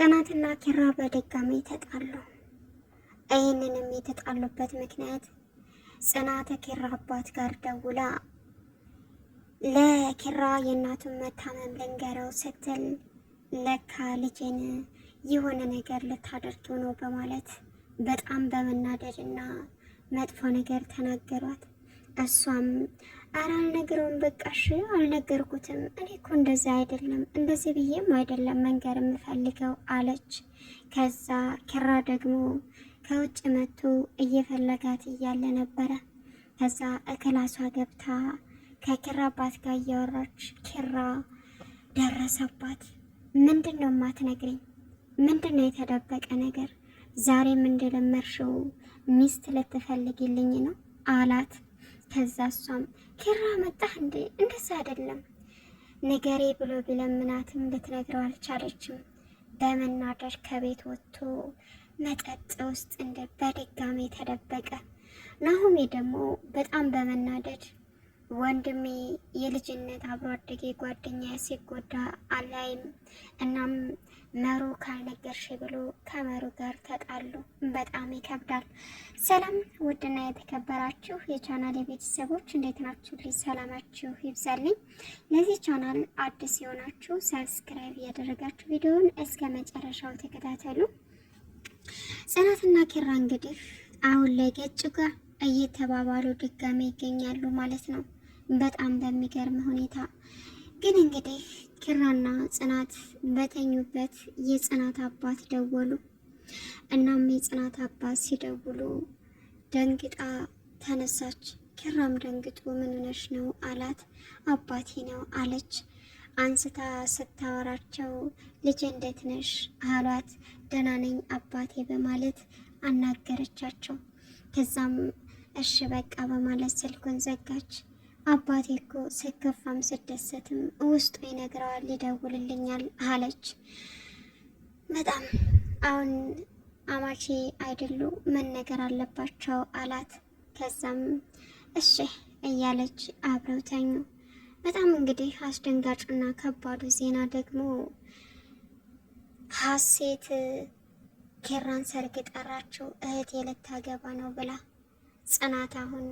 ጽናትና ኪራ በድጋሚ ተጣሉ። ይህንንም የተጣሉበት ምክንያት ጽናት ኪራ አባት ጋር ደውላ ለኪራ የእናቱን መታመም ልንገረው ስትል ለካ ልጄን የሆነ ነገር ልታደርጊው ነው በማለት በጣም በመናደድ እና መጥፎ ነገር ተናገሯት። እሷም አረ አልነግረውም፣ በቃ አልነገርኩትም። እኔ እኮ እንደዛ አይደለም እንደዚህ ብዬም አይደለም መንገር የምፈልገው አለች። ከዛ ኪራ ደግሞ ከውጭ መጥቶ እየፈለጋት እያለ ነበረ። ከዛ እክላሷ ገብታ ከኪራ አባት ጋር እያወራች ኪራ ደረሰባት። ምንድን ነው የማትነግሪኝ? ምንድን ነው የተደበቀ ነገር? ዛሬም እንደለመድሽው ሚስት ልትፈልግልኝ ነው አላት። ከዛ እሷም ኪራ መጣህ እንዴ እንደዛ አይደለም ንገሬ ብሎ ቢለምናትም ልትነግረው አልቻለችም። በመናደር ከቤት ወጥቶ መጠጥ ውስጥ እንደ በድጋሜ ተደበቀ። ናሆሜ ደግሞ በጣም በመናደድ ወንድሜ የልጅነት አብሮ አደጌ ጓደኛ ሲጎዳ አላይም። እናም መሩ ካልነገርሽ ብሎ ከመሩ ጋር ተጣሉ። በጣም ይከብዳል። ሰላም ውድና የተከበራችሁ የቻናል የቤተሰቦች እንዴት ናችሁ? ልጅ ሰላማችሁ ይብዛልኝ። ለዚህ ቻናል አዲስ የሆናችሁ ሰብስክራይብ እያደረጋችሁ ቪዲዮውን እስከ መጨረሻው ተከታተሉ። ጽናትና ኪራ እንግዲህ አሁን ላይ ገጭ ጋር እየተባባሉ ድጋሚ ይገኛሉ ማለት ነው። በጣም በሚገርም ሁኔታ ግን እንግዲህ ኪራና ጽናት በተኙበት የጽናት አባት ደወሉ። እናም የጽናት አባት ሲደውሉ ደንግጣ ተነሳች። ኪራም ደንግጦ ምን ሆነሽ ነው አላት። አባቴ ነው አለች። አንስታ ስታወራቸው ልጅ እንዴት ነሽ አሏት። ደህና ነኝ አባቴ በማለት አናገረቻቸው። ከዛም እሺ በቃ በማለት ስልኩን ዘጋች። አባቴ እኮ ስከፋም ስደሰትም ውስጡ ይነግረዋል፣ ይደውልልኛል አለች። በጣም አሁን አማቺ አይደሉ ምን ነገር አለባቸው አላት። ከዛም እሺ እያለች አብረው ተኙ። በጣም እንግዲህ አስደንጋጭና ከባዱ ዜና ደግሞ ሀሴት ኬራን ሰርግ ጠራችው እህቴ ልታገባ ነው ብላ ጽናት አሁን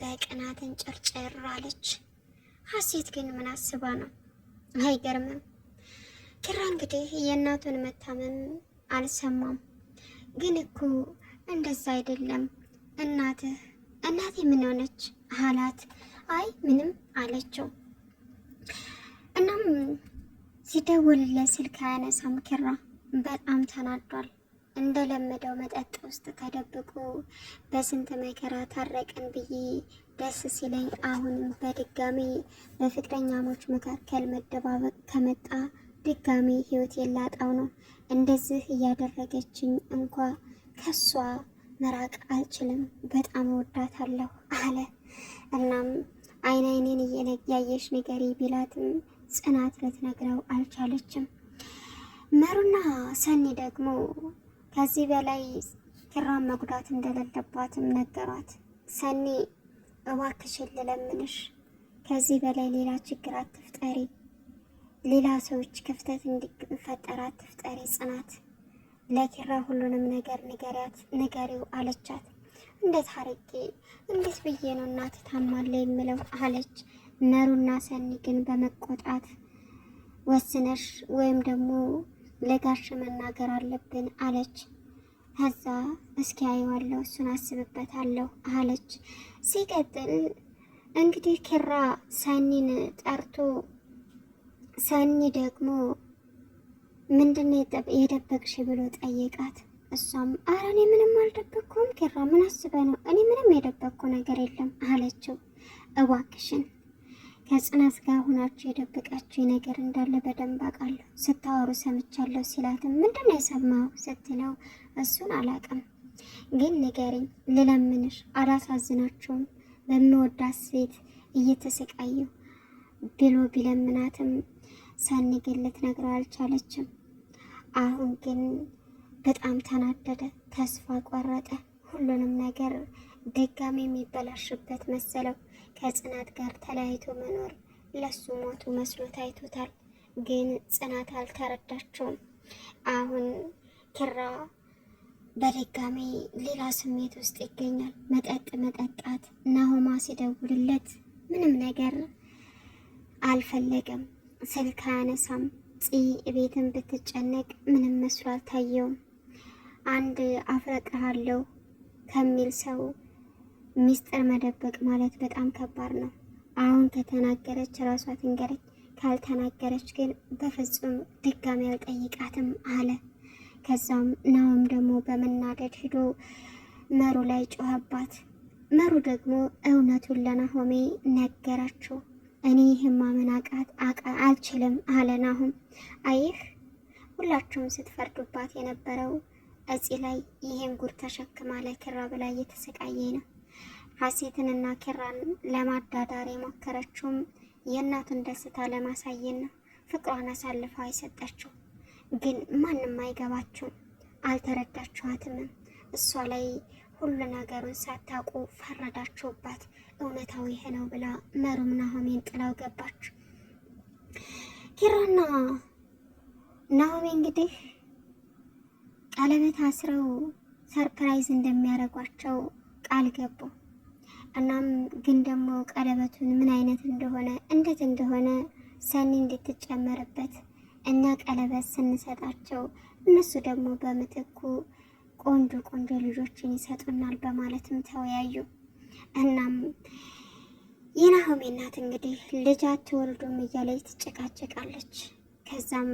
በቅናትን ጭርጭር አለች። ሀሴት ግን ምን አስባ ነው? አይገርምም። ኪራ እንግዲህ የእናቱን መታመም አልሰማም። ግን እኮ እንደዛ አይደለም እናትህ እናቴ ምን ሆነች አላት። አይ ምንም አለችው። እናም ሲደውልለት ስልክ አያነሳም ኪራ በጣም ተናዷል። እንደለመደው መጠጥ ውስጥ ተደብቆ በስንት መከራ ታረቀን ብዬ ደስ ሲለኝ አሁንም በድጋሚ በፍቅረኛሞች መካከል መደባበቅ ከመጣ ድጋሚ ህይወት የላጣው ነው። እንደዚህ እያደረገችኝ እንኳ ከሷ መራቅ አልችልም፣ በጣም ወዳታለሁ አለ። እናም አይን አይኔን እያየሽ ንገሪ ቢላትም ጽናት ልትነግረው አልቻለችም። መሩና ሰኒ ደግሞ ከዚህ በላይ ኪራን መጉዳት እንደሌለባትም ነገሯት። ሰኒ እባክሽን ልለምንሽ፣ ከዚህ በላይ ሌላ ችግር አትፍጠሪ፣ ሌላ ሰዎች ክፍተት እንዲፈጠር አትፍጠሪ። ጽናት ለኪራ ሁሉንም ነገር ንገሪያት፣ ንገሪው አለቻት። እንዴት አርጌ እንዴት ብዬ ነው እናት ታማለ የምለው አለች። መሩና ሰኒ ግን በመቆጣት ወስነሽ ወይም ደግሞ ለጋሽ መናገር አለብን አለች። ከዛ እስኪ አየዋለሁ እሱን አስብበታለሁ አለች። ሲቀጥል እንግዲህ ኪራ ሰኒን ጠርቶ ሰኒ ደግሞ ምንድን የደበቅሽ ብሎ ጠየቃት። እሷም አረ እኔ ምንም አልደበቅኩም ኪራ፣ ምን አስበ ነው? እኔ ምንም የደበቅኩ ነገር የለም አለችው። እባክሽን ከጽናት ጋር ሆናችሁ የደበቃችሁ ነገር እንዳለ በደንብ አውቃለሁ ስታወሩ ሰምቻለሁ ሲላትም ምንድን ነው የሰማው ስትለው እሱን አላውቅም፣ ግን ንገሪኝ፣ ልለምንሽ፣ አላሳዝናችሁም በምወዳት ሴት እየተሰቃየ ብሎ ቢለምናትም ሰኒ ግን ልትነግረው አልቻለችም። አሁን ግን በጣም ተናደደ፣ ተስፋ ቆረጠ ሁሉንም ነገር ድጋሚ የሚበላሽበት መሰለው። ከጽናት ጋር ተለያይቶ መኖር ለሱ ሞቱ መስሎ ታይቶታል። ግን ጽናት አልተረዳቸውም። አሁን ኪራ በድጋሚ ሌላ ስሜት ውስጥ ይገኛል። መጠጥ መጠጣት፣ ናሆማ ሲደውልለት ምንም ነገር አልፈለገም። ስልክ አያነሳም። ፂ ቤትን ብትጨነቅ ምንም መስሎ አልታየውም። አንድ አፍረቅሃለሁ ከሚል ሰው ሚስጥር መደበቅ ማለት በጣም ከባድ ነው። አሁን ከተናገረች ራሷ ትንገረች፣ ካልተናገረች ግን በፍጹም ድጋሚ አልጠይቃትም አለ። ከዛም ናውም ደግሞ በመናደድ ሂዶ መሩ ላይ ጮኸባት። መሩ ደግሞ እውነቱን ለናሆሜ ነገራችሁ እኔ ይህም ማመናቃት አልችልም አለ ናሆም። አይህ ሁላችሁም ስትፈርዱባት የነበረው እዚህ ላይ ይህን ጉድ ተሸክማ ክራብ ብላ እየተሰቃየ ነው። ሀሴትንና ኪራን ለማዳዳር የሞከረችውም የእናቱን ደስታ ነው ፍቅሯን አሳልፋ አይሰጠችው። ግን ማንም አይገባችሁም፣ አልተረዳችኋትም። እሷ ላይ ሁሉ ነገሩን ሳታውቁ ፈረዳችሁባት። እውነታው ይሄ ነው ብላ መሩም ናሆሜን ጥላው ገባች። ኪራና ናሆሜ እንግዲህ ቀለበት አስረው ሰርፕራይዝ እንደሚያደርጓቸው ቃል ገቡ። እናም ግን ደግሞ ቀለበቱን ምን አይነት እንደሆነ እንዴት እንደሆነ ሰኒ እንድትጨመርበት እኛ ቀለበት ስንሰጣቸው እነሱ ደግሞ በምትኩ ቆንጆ ቆንጆ ልጆችን ይሰጡናል በማለትም ተወያዩ። እናም የናሆሜ እናት እንግዲህ ልጅ አትወልዱም እያለች ትጨቃጨቃለች። ከዛም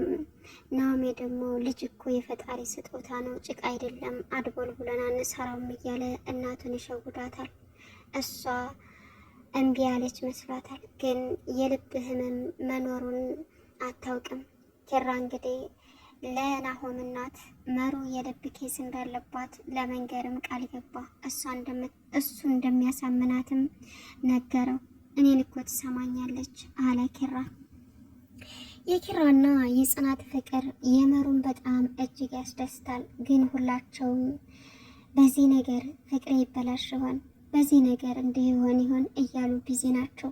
ናሆሜ ደግሞ ልጅ እኮ የፈጣሪ ስጦታ ነው፣ ጭቃ አይደለም፣ አድቦል ብለን አንሰራውም እያለ እናቱን ይሸውዳታል። እሷ እምቢ ያለች መስሏታል። ግን የልብ ህመም መኖሩን አታውቅም። ኪራ እንግዲህ ለናሆም እናት መሩ የልብ ኬስ እንዳለባት ለመንገርም ቃል ገባ። እሱ እንደሚያሳምናትም ነገረው። እኔን እኮ ትሰማኛለች አለ ኪራ። የኪራና የጽናት ፍቅር የመሩን በጣም እጅግ ያስደስታል። ግን ሁላቸውም በዚህ ነገር ፍቅር ይበላሽ ይሆን? በዚህ ነገር እንዲህ ይሆን ይሆን እያሉ ቢዚ ናቸው።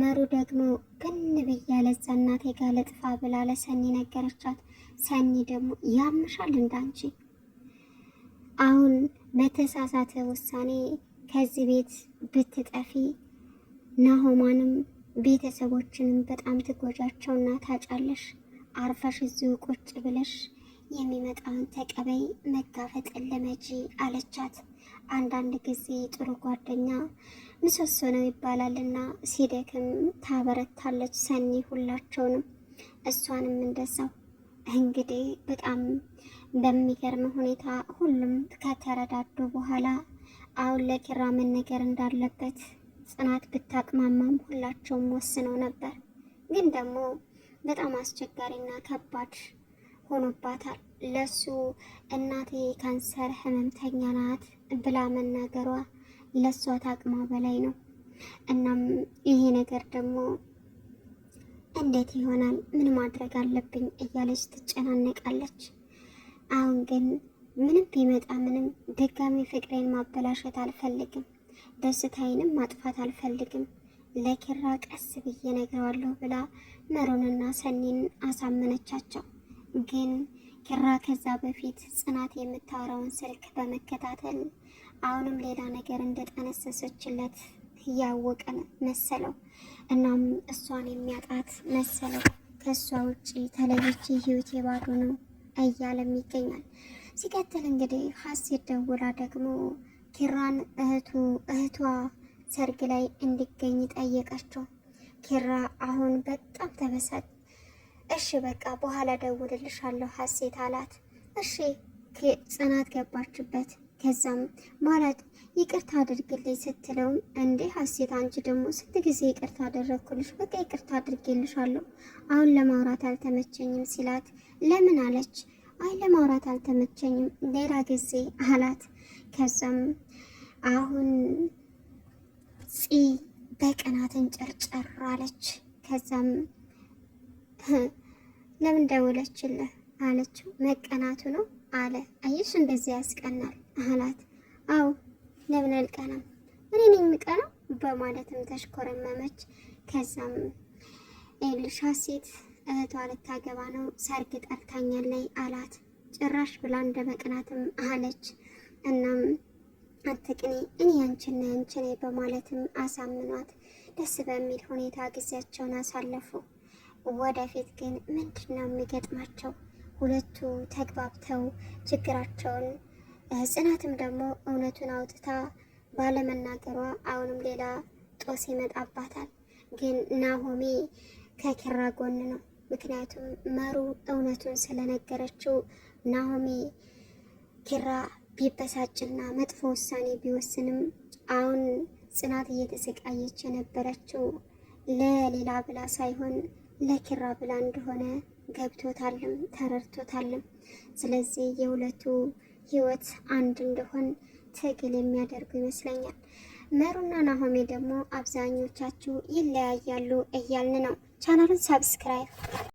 መሩ ደግሞ ግን ብያ ለዛ እናቴ ጋር ብላ ለሰኒ ነገረቻት። ሰኒ ደግሞ ያምሻል እንዳንቺ አሁን በተሳሳተ ውሳኔ ከዚህ ቤት ብትጠፊ ናሆማንም ቤተሰቦችንም በጣም ትጎጃቸውና ታጫለሽ። አርፈሽ እዚሁ ቁጭ ብለሽ የሚመጣውን ተቀበይ፣ መጋፈጥን ለመጂ አለቻት። አንዳንድ ጊዜ ጥሩ ጓደኛ ምሰሶ ነው ይባላልና ሲደክም ታበረታለች ሰኒ ሁላቸውንም፣ እሷንም እንደዛው። እንግዲህ በጣም በሚገርም ሁኔታ ሁሉም ከተረዳዱ በኋላ አሁን ለኪራ መነገር እንዳለበት ጽናት ብታቅማማም ሁላቸውም ወስነው ነበር። ግን ደግሞ በጣም አስቸጋሪና ከባድ ሆኖባታል። ለሱ እናቴ ካንሰር ህመምተኛ ናት ብላ መናገሯ ለሷ ታቅማ በላይ ነው። እናም ይሄ ነገር ደግሞ እንዴት ይሆናል? ምን ማድረግ አለብኝ? እያለች ትጨናነቃለች። አሁን ግን ምንም ቢመጣ ምንም ድጋሚ ፍቅሬን ማበላሸት አልፈልግም፣ ደስታዬንም ማጥፋት አልፈልግም። ለኪራ ቀስ ብዬ ነግረዋለሁ ብላ መሮንና ሰኒን አሳመነቻቸው። ግን ኪራ ከዛ በፊት ጽናት የምታወራውን ስልክ በመከታተል አሁንም ሌላ ነገር እንደጠነሰሰችለት እያወቀ መሰለው። እናም እሷን የሚያጣት መሰለው። ከእሷ ውጭ ተለይቼ ህይወቴ ባዶ ነው እያለም ይገኛል። ሲቀጥል እንግዲህ ሀሴት ደውላ ደግሞ ኪራን እህቱ እህቷ ሰርግ ላይ እንዲገኝ ጠየቀችው። ኪራ አሁን በጣም ተበሳጭ እሺ በቃ በኋላ ደውልልሻለሁ ሀሴት አላት። እሺ ጽናት ገባችበት። ከዛም ማለት ይቅርታ አድርግልኝ ስትለውም እንዴ ሀሴት አንቺ ደግሞ ስንት ጊዜ ይቅርታ አደረግኩልሽ፣ በቃ ይቅርታ አድርጌልሻለሁ አሁን ለማውራት አልተመቸኝም ሲላት ለምን አለች። አይ ለማውራት አልተመቸኝም ሌላ ጊዜ አላት። ከዛም አሁን ፂ በቅናትን ጨርጨር አለች። ከዛም ለምን ደወለችልህ አለችው። መቀናቱ ነው አለ። አየሽ እንደዚህ ያስቀናል አላት። አዎ ለምን አልቀናም? እኔ ነኝ የምቀናው በማለትም ተሽኮረመመች። ከዛም ኤልሻ ሴት እህቷ ልታገባ ነው ሰርግ ጠርታኛለች አላት። ጭራሽ ብላ እንደ መቅናትም አለች። እናም አትቅኔ እኔ ያንችን ያንችን በማለትም አሳምኗት ደስ በሚል ሁኔታ ጊዜያቸውን አሳለፉ። ወደፊት ግን ምንድን ነው የሚገጥማቸው? ሁለቱ ተግባብተው ችግራቸውን ጽናትም ደግሞ እውነቱን አውጥታ ባለመናገሯ አሁንም ሌላ ጦስ ይመጣባታል። ግን ናሆሜ ከኪራ ጎን ነው። ምክንያቱም መሩ እውነቱን ስለነገረችው ናሆሜ ኪራ ቢበሳጭና መጥፎ ውሳኔ ቢወስንም አሁን ጽናት እየተሰቃየች የነበረችው ለሌላ ብላ ሳይሆን ለኪራ ብላ እንደሆነ ገብቶታልም ተረድቶታልም። ስለዚህ የሁለቱ ህይወት አንድ እንደሆን ትግል የሚያደርጉ ይመስለኛል። መሩና ናሆሜ ደግሞ አብዛኞቻችሁ ይለያያሉ እያልን ነው። ቻናሉን ሰብስክራይብ